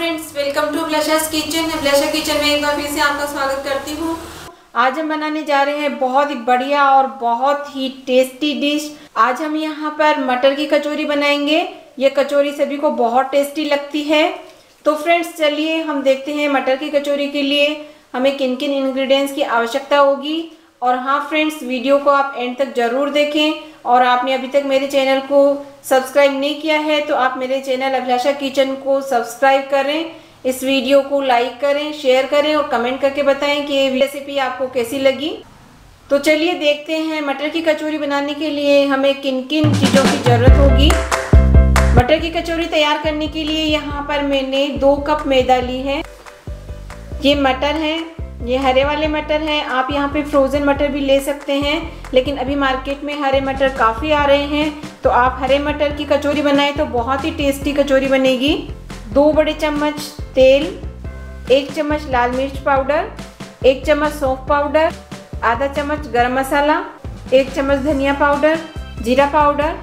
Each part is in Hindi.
friends welcome to Blushers kitchen Blusher kitchen में एक बार फिर से आपका स्वागत करती हूँ आज हम बनाने जा रहे हैं बहुत ही बढ़िया और बहुत ही टेस्टी डिश आज हम यहाँ पर मटर की कचौरी बनाएंगे ये कचौरी सभी को बहुत टेस्टी लगती है तो फ्रेंड्स चलिए हम देखते हैं मटर की कचौरी के लिए हमें किन किन इंग्रेडिएंट्स की आवश्यकता होगी और हाँ फ्रेंड्स वीडियो को आप एंड तक ज़रूर देखें और आपने अभी तक मेरे चैनल को सब्सक्राइब नहीं किया है तो आप मेरे चैनल अभिलाषा किचन को सब्सक्राइब करें इस वीडियो को लाइक करें शेयर करें और कमेंट करके बताएं कि ये रेसिपी आपको कैसी लगी तो चलिए देखते हैं मटर की कचौरी बनाने के लिए हमें किन किन चीज़ों की ज़रूरत होगी मटर की कचौरी तैयार करने के लिए यहाँ पर मैंने दो कप मैदा ली है ये मटर है ये हरे वाले मटर हैं आप यहाँ पे फ्रोज़न मटर भी ले सकते हैं लेकिन अभी मार्केट में हरे मटर काफ़ी आ रहे हैं तो आप हरे मटर की कचौरी बनाएं तो बहुत ही टेस्टी कचौरी बनेगी दो बड़े चम्मच तेल एक चम्मच लाल मिर्च पाउडर एक चम्मच सौंफ पाउडर आधा चम्मच गरम मसाला एक चम्मच धनिया पाउडर जीरा पाउडर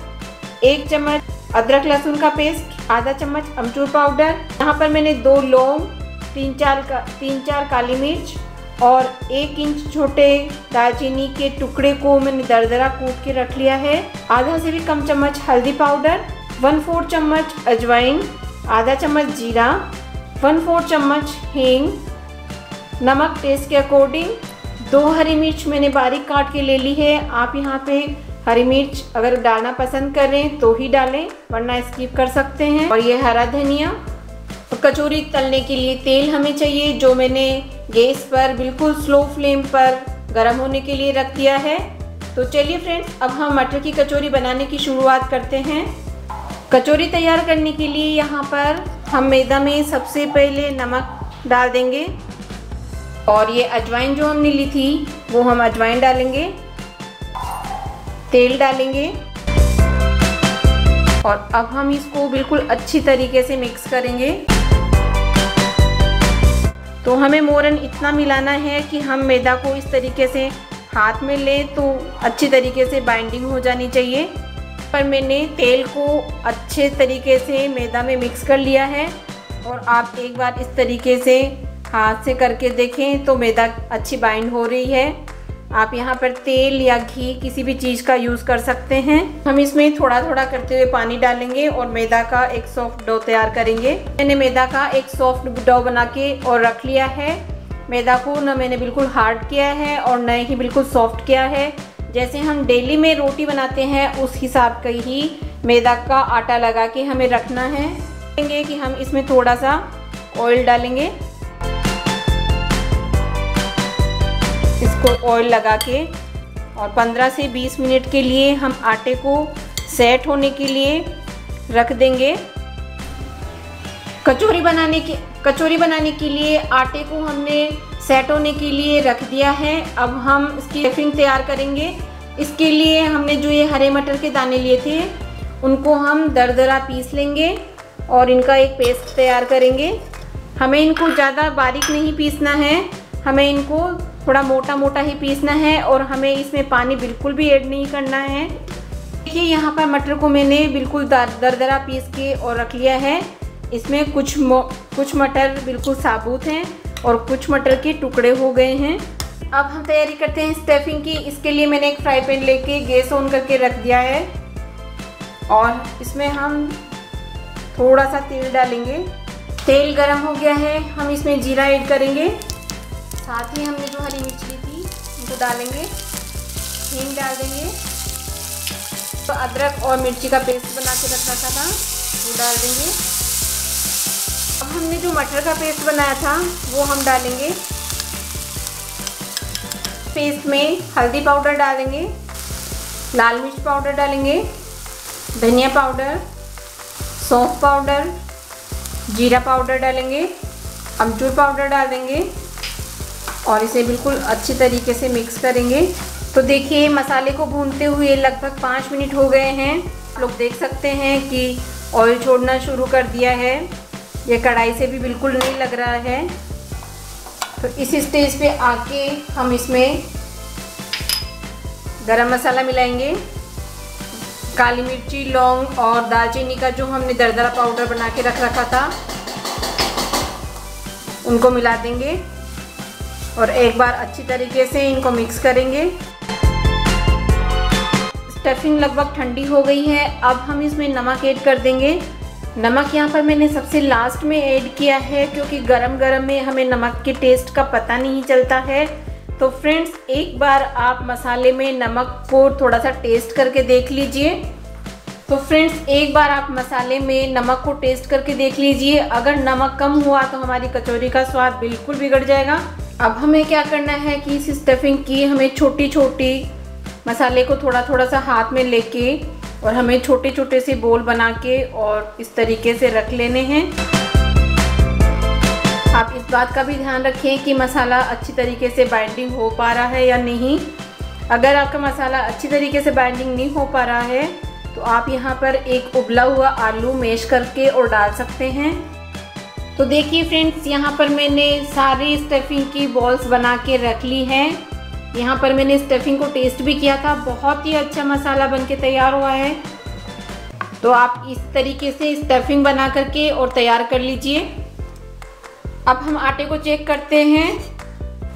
एक चम्मच अदरक लहसुन का पेस्ट आधा चम्मच अमचूर पाउडर यहाँ पर मैंने दो लौंग तीन चार का तीन चार काली मिर्च और एक इंच छोटे दालचीनी के टुकड़े को मैंने दरदरा कूट के रख लिया है आधा से भी कम चम्मच हल्दी पाउडर वन फोर चम्मच अजवाइन आधा चम्मच जीरा वन फोर चम्मच हींग नमक टेस्ट के अकॉर्डिंग दो हरी मिर्च मैंने बारीक काट के ले ली है आप यहाँ पे हरी मिर्च अगर डालना पसंद करें तो ही डालें वरना स्किप कर सकते हैं और ये हरा धनिया तो कचौरी तलने के लिए तेल हमें चाहिए जो मैंने गैस पर बिल्कुल स्लो फ्लेम पर गर्म होने के लिए रख दिया है तो चलिए फ्रेंड्स अब हम मटर की कचौरी बनाने की शुरुआत करते हैं कचौरी तैयार करने के लिए यहाँ पर हम मैदा में सबसे पहले नमक डाल देंगे और ये अजवाइन जो हमने ली थी वो हम अजवाइन डालेंगे तेल डालेंगे और अब हम इसको बिल्कुल अच्छी तरीके से मिक्स करेंगे तो हमें मोरन इतना मिलाना है कि हम मैदा को इस तरीके से हाथ में लें तो अच्छी तरीके से बाइंडिंग हो जानी चाहिए पर मैंने तेल को अच्छे तरीके से मैदा में मिक्स कर लिया है और आप एक बार इस तरीके से हाथ से करके देखें तो मैदा अच्छी बाइंड हो रही है आप यहाँ पर तेल या घी किसी भी चीज़ का यूज़ कर सकते हैं हम इसमें थोड़ा थोड़ा करते हुए पानी डालेंगे और मैदा का एक सॉफ्ट डो तैयार करेंगे मैंने मैदा का एक सॉफ्ट डो बना के और रख लिया है मैदा को न मैंने बिल्कुल हार्ड किया है और न ही बिल्कुल सॉफ्ट किया है जैसे हम डेली में रोटी बनाते हैं उस हिसाब का ही मैदा का आटा लगा के हमें रखना है कि हम इसमें थोड़ा सा ऑयल डालेंगे इसको ऑयल लगा के और 15 से 20 मिनट के लिए हम आटे को सेट होने के लिए रख देंगे कचौरी बनाने के कचौरी बनाने के लिए आटे को हमने सेट होने के लिए रख दिया है अब हम इसकी स्टफिंग तैयार करेंगे इसके लिए हमने जो ये हरे मटर के दाने लिए थे उनको हम दरदरा पीस लेंगे और इनका एक पेस्ट तैयार करेंगे हमें इनको ज़्यादा बारीक नहीं पीसना है हमें इनको थोड़ा मोटा मोटा ही पीसना है और हमें इसमें पानी बिल्कुल भी ऐड नहीं करना है देखिए यहाँ पर मटर को मैंने बिल्कुल दरदरा पीस के और रख लिया है इसमें कुछ कुछ मटर बिल्कुल साबुत हैं और कुछ मटर के टुकड़े हो गए हैं अब हम तैयारी करते हैं स्टफिंग की इसके लिए मैंने एक फ्राई पैन लेके गैस ऑन करके रख दिया है और इसमें हम थोड़ा सा तेल डालेंगे तेल गरम हो गया है हम इसमें जीरा ऐड करेंगे साथ ही हमने जो हरी मिर्च ली थी उनको डालेंगे हींग डाल देंगे तो अदरक और मिर्ची का पेस्ट बना के रखा था, था वो डाल देंगे अब हमने जो मटर का पेस्ट बनाया था वो हम डालेंगे पेस्ट में हल्दी पाउडर डालेंगे लाल मिर्च पाउडर डालेंगे धनिया पाउडर सौंफ पाउडर जीरा पाउडर डालेंगे अमचूर पाउडर डाल देंगे और इसे बिल्कुल अच्छी तरीके से मिक्स करेंगे तो देखिए मसाले को भूनते हुए लगभग पाँच मिनट हो गए हैं आप लोग देख सकते हैं कि ऑयल छोड़ना शुरू कर दिया है ये कढ़ाई से भी बिल्कुल नहीं लग रहा है तो इस स्टेज पे आके हम इसमें गरम मसाला मिलाएंगे काली मिर्ची लौंग और दालचीनी का जो हमने दरदरा पाउडर बना के रख रखा था उनको मिला देंगे और एक बार अच्छी तरीके से इनको मिक्स करेंगे स्टफिंग लगभग ठंडी हो गई है अब हम इसमें नमक ऐड कर देंगे नमक यहाँ पर मैंने सबसे लास्ट में ऐड किया है क्योंकि गरम गरम में हमें नमक के टेस्ट का पता नहीं चलता है तो फ्रेंड्स एक बार आप मसाले में नमक को थोड़ा सा टेस्ट करके देख लीजिए तो फ्रेंड्स एक बार आप मसाले में नमक को टेस्ट करके देख लीजिए अगर नमक कम हुआ तो हमारी कचौरी का स्वाद बिल्कुल बिगड़ जाएगा अब हमें क्या करना है कि इस स्टफिंग की हमें छोटी छोटी मसाले को थोड़ा थोड़ा सा हाथ में लेके और हमें छोटे छोटे से बोल बना के और इस तरीके से रख लेने हैं आप इस बात का भी ध्यान रखें कि मसाला अच्छी तरीके से बाइंडिंग हो पा रहा है या नहीं अगर आपका मसाला अच्छी तरीके से बाइंडिंग नहीं हो पा रहा है तो आप यहाँ पर एक उबला हुआ आलू मेश करके और डाल सकते हैं तो देखिए फ्रेंड्स यहाँ पर मैंने सारी स्टफिंग की बॉल्स बना के रख ली है यहाँ पर मैंने स्टफिंग को टेस्ट भी किया था बहुत ही अच्छा मसाला बन के तैयार हुआ है तो आप इस तरीके से स्टफिंग बना करके और तैयार कर लीजिए अब हम आटे को चेक करते हैं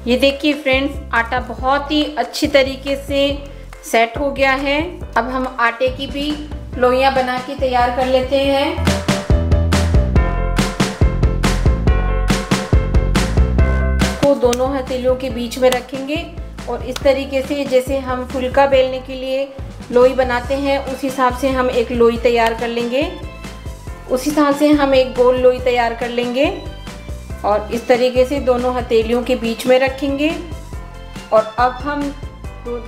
ये देखिए फ्रेंड्स आटा बहुत ही अच्छी तरीके से सेट हो गया है अब हम आटे की भी लोइयाँ बना के तैयार कर लेते हैं दोनों हथेलियों के बीच में रखेंगे और इस तरीके से जैसे हम फुलका बेलने के लिए लोई बनाते हैं उस हिसाब से हम एक लोई तैयार कर लेंगे उस हिसाब से हम एक गोल लोई तैयार कर लेंगे और इस तरीके से दोनों हथेलियों के बीच में रखेंगे और अब हम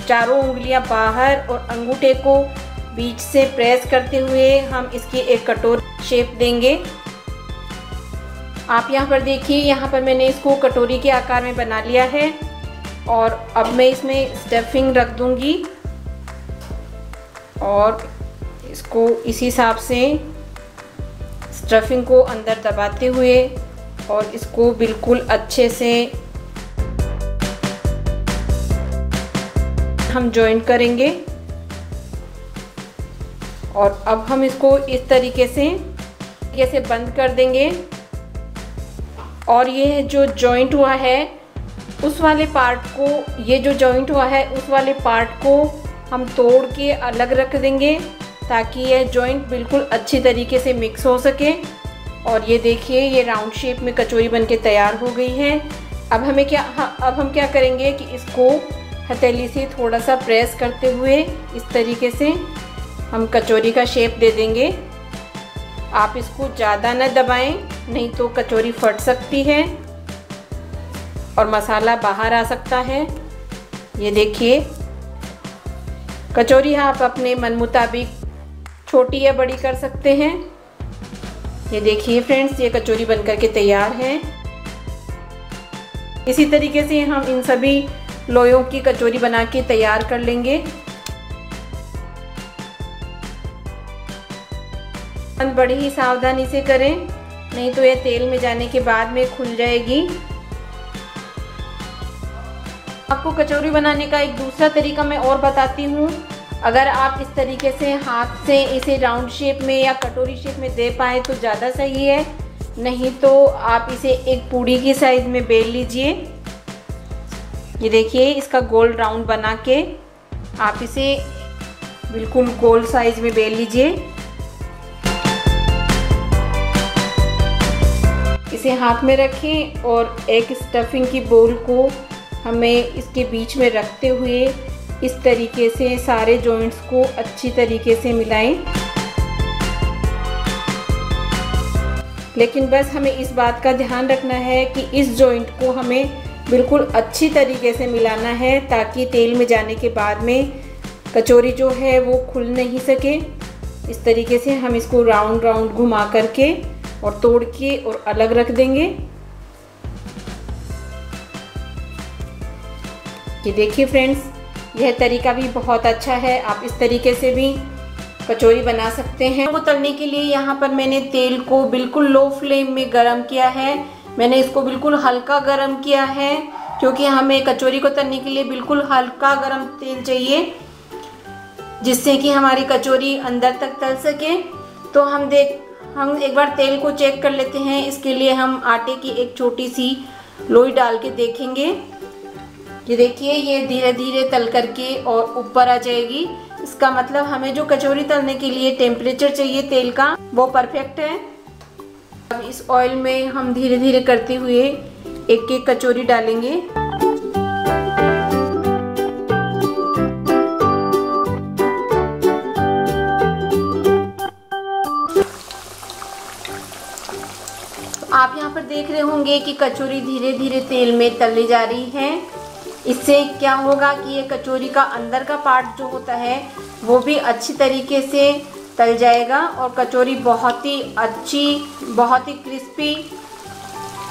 चारों उंगलियां बाहर और अंगूठे को बीच से प्रेस करते हुए हम इसकी एक कटोर शेप देंगे आप यहाँ पर देखिए यहाँ पर मैंने इसको कटोरी के आकार में बना लिया है और अब मैं इसमें स्टफिंग रख दूंगी और इसको इसी हिसाब से स्टफिंग को अंदर दबाते हुए और इसको बिल्कुल अच्छे से हम जॉइंट करेंगे और अब हम इसको इस तरीके से जैसे बंद कर देंगे और ये जो जॉइंट हुआ है उस वाले पार्ट को ये जो जॉइंट हुआ है उस वाले पार्ट को हम तोड़ के अलग रख देंगे ताकि यह जॉइंट बिल्कुल अच्छी तरीके से मिक्स हो सके और ये देखिए ये राउंड शेप में कचौरी बन के तैयार हो गई है अब हमें क्या हाँ, अब हम क्या करेंगे कि इसको हथेली से थोड़ा सा प्रेस करते हुए इस तरीके से हम कचौरी का शेप दे देंगे आप इसको ज़्यादा न दबाएं नहीं तो कचौरी फट सकती है और मसाला बाहर आ सकता है ये देखिए कचौरी आप अपने मन मुताबिक छोटी या बड़ी कर सकते हैं ये देखिए फ्रेंड्स ये कचौरी बनकर के तैयार है इसी तरीके से हम इन सभी लोयों की कचौरी बना के तैयार कर लेंगे बड़ी ही सावधानी से करें नहीं तो ये तेल में जाने के बाद में खुल जाएगी आपको कचौरी बनाने का एक दूसरा तरीका मैं और बताती हूँ अगर आप इस तरीके से हाथ से इसे राउंड शेप में या कटोरी शेप में दे पाए तो ज़्यादा सही है नहीं तो आप इसे एक पूड़ी की साइज़ में बेल लीजिए ये देखिए इसका गोल राउंड बना के आप इसे बिल्कुल गोल साइज़ में बेल लीजिए इसे हाथ में रखें और एक स्टफिंग की बोल को हमें इसके बीच में रखते हुए इस तरीके से सारे जॉइंट्स को अच्छी तरीके से मिलाएं लेकिन बस हमें इस बात का ध्यान रखना है कि इस जॉइंट को हमें बिल्कुल अच्छी तरीके से मिलाना है ताकि तेल में जाने के बाद में कचौरी जो है वो खुल नहीं सके इस तरीके से हम इसको राउंड राउंड घुमा करके और तोड़ के और अलग रख देंगे ये देखिए फ्रेंड्स यह तरीका भी बहुत अच्छा है आप इस तरीके से भी कचौरी बना सकते हैं वो तलने के लिए यहाँ पर मैंने तेल को बिल्कुल लो फ्लेम में गरम किया है मैंने इसको बिल्कुल हल्का गरम किया है क्योंकि हमें कचौरी को तलने के लिए बिल्कुल हल्का गरम तेल चाहिए जिससे कि हमारी कचौरी अंदर तक तल सके तो हम देख हम एक बार तेल को चेक कर लेते हैं इसके लिए हम आटे की एक छोटी सी लोई डाल के देखेंगे ये देखिए ये धीरे धीरे तल करके और ऊपर आ जाएगी इसका मतलब हमें जो कचौरी तलने के लिए टेम्परेचर चाहिए तेल का वो परफेक्ट है अब इस ऑयल में हम धीरे धीरे करते हुए एक एक कचौरी डालेंगे देख रहे होंगे कि कचौरी धीरे धीरे तेल में तली जा रही है इससे क्या होगा कि ये कचौरी का अंदर का पार्ट जो होता है वो भी अच्छी तरीके से तल जाएगा और कचौरी बहुत ही अच्छी बहुत ही क्रिस्पी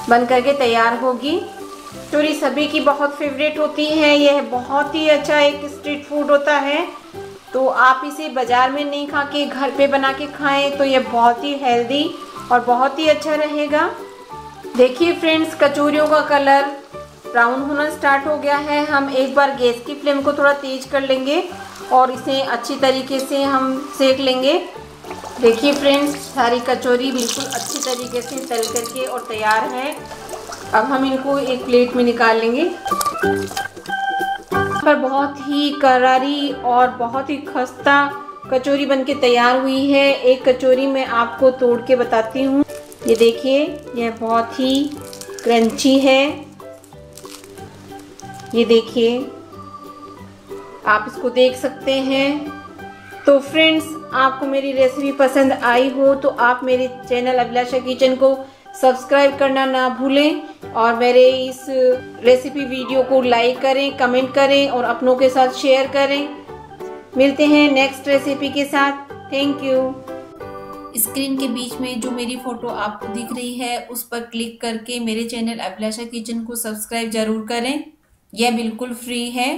बन करके तैयार होगी कचौरी सभी की बहुत फेवरेट होती है यह बहुत ही अच्छा एक स्ट्रीट फूड होता है तो आप इसे बाज़ार में नहीं खा के घर पे बना के खाएं तो यह बहुत ही हेल्दी और बहुत ही अच्छा रहेगा देखिए फ्रेंड्स कचोरियों का कलर ब्राउन होना स्टार्ट हो गया है हम एक बार गैस की फ्लेम को थोड़ा तेज कर लेंगे और इसे अच्छी तरीके से हम सेक लेंगे देखिए फ्रेंड्स सारी कचौरी बिल्कुल अच्छी तरीके से तल करके और तैयार है अब हम इनको एक प्लेट में निकाल लेंगे पर बहुत ही करारी और बहुत ही खस्ता कचौरी बनके तैयार हुई है एक कचौरी मैं आपको तोड़ के बताती हूँ ये देखिए यह बहुत ही क्रंची है ये देखिए आप इसको देख सकते हैं तो फ्रेंड्स आपको मेरी रेसिपी पसंद आई हो तो आप मेरे चैनल अभिलाषा किचन को सब्सक्राइब करना ना भूलें और मेरे इस रेसिपी वीडियो को लाइक करें कमेंट करें और अपनों के साथ शेयर करें मिलते हैं नेक्स्ट रेसिपी के साथ थैंक यू स्क्रीन के बीच में जो मेरी फ़ोटो आपको दिख रही है उस पर क्लिक करके मेरे चैनल अभिलाषा किचन को सब्सक्राइब ज़रूर करें यह बिल्कुल फ्री है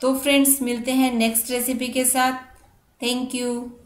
तो फ्रेंड्स मिलते हैं नेक्स्ट रेसिपी के साथ थैंक यू